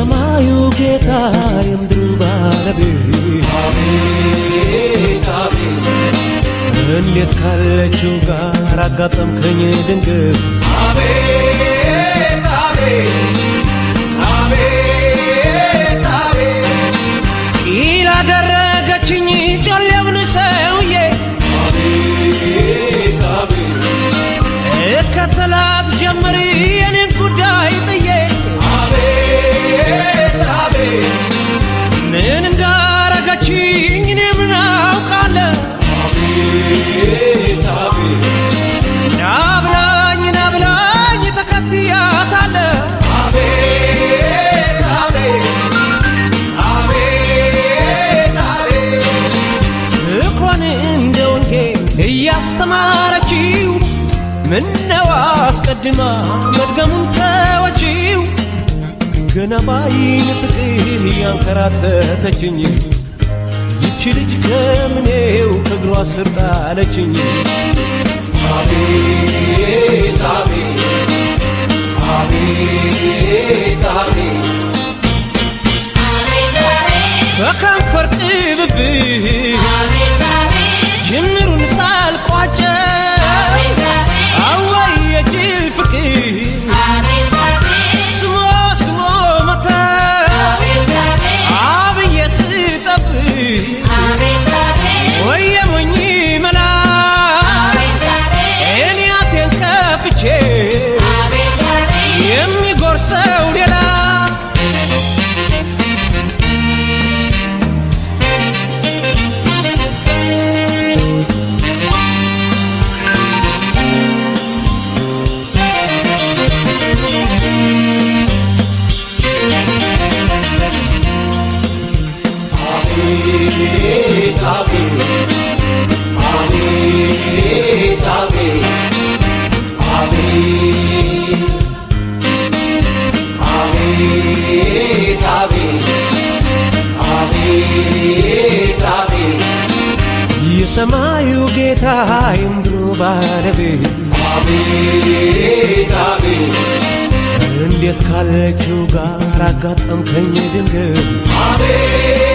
የሰማዩ ጌታ የምድሩ ባለቤት እንዴት ካለችው ጋር አጋጠምከኝ ድንገት አቤት አቤት ምነው አስቀድማ መድገሙን ተወችው ገና ባይን ፍቅር እያንከራተተችኝ ይቺ ልጅ ከምኔው ከእግሯ ስር ጣለችኝ። አቤት በከንፈር ጥብብህ ጅምሩን ሳልቋጨው የጅል ፍቅር ስሞ ስሞ መታ አብዬ ስጠብቅ ወየ ሞኝ መላ እኔ አፌን ከፍቼ የሰማዩ ጌታ አይምሩ ባለቤት አቤት እንዴት ካለችው ጋር አጋጠምከኝ ድንገት አቤት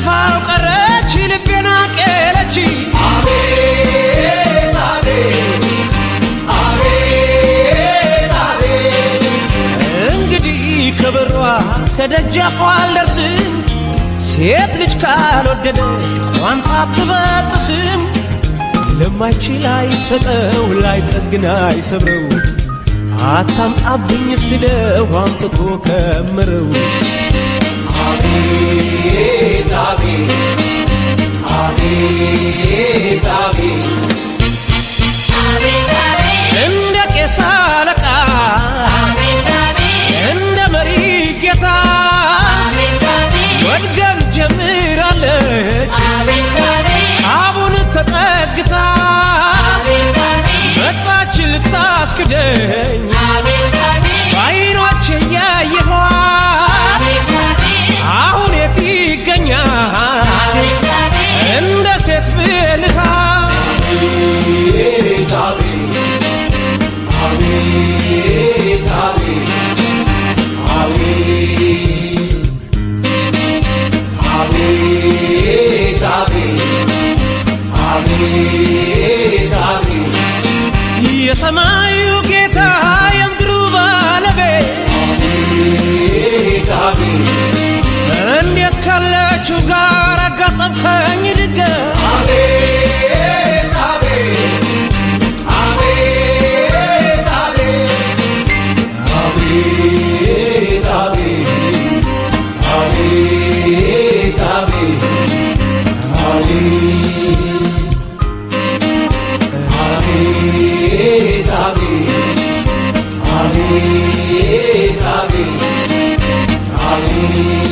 አልፋው ቀረች ልቤና ቄለች እንግዲህ ከበሯ ከደጃፏ አልደርስም ሴት ልጅ ካልወደደ ቋንቋ አትበጥስም ለማይችል አይሰጠው ላይጠግን አይሰብረው አታምጣብኝ ስለው አምጥቶ ከምረው አቤት አቤት እንደ ቄስ አለቃ እንደ መሪ ጌታ ወድገም ጀምራለን Kaveri, Kaveri,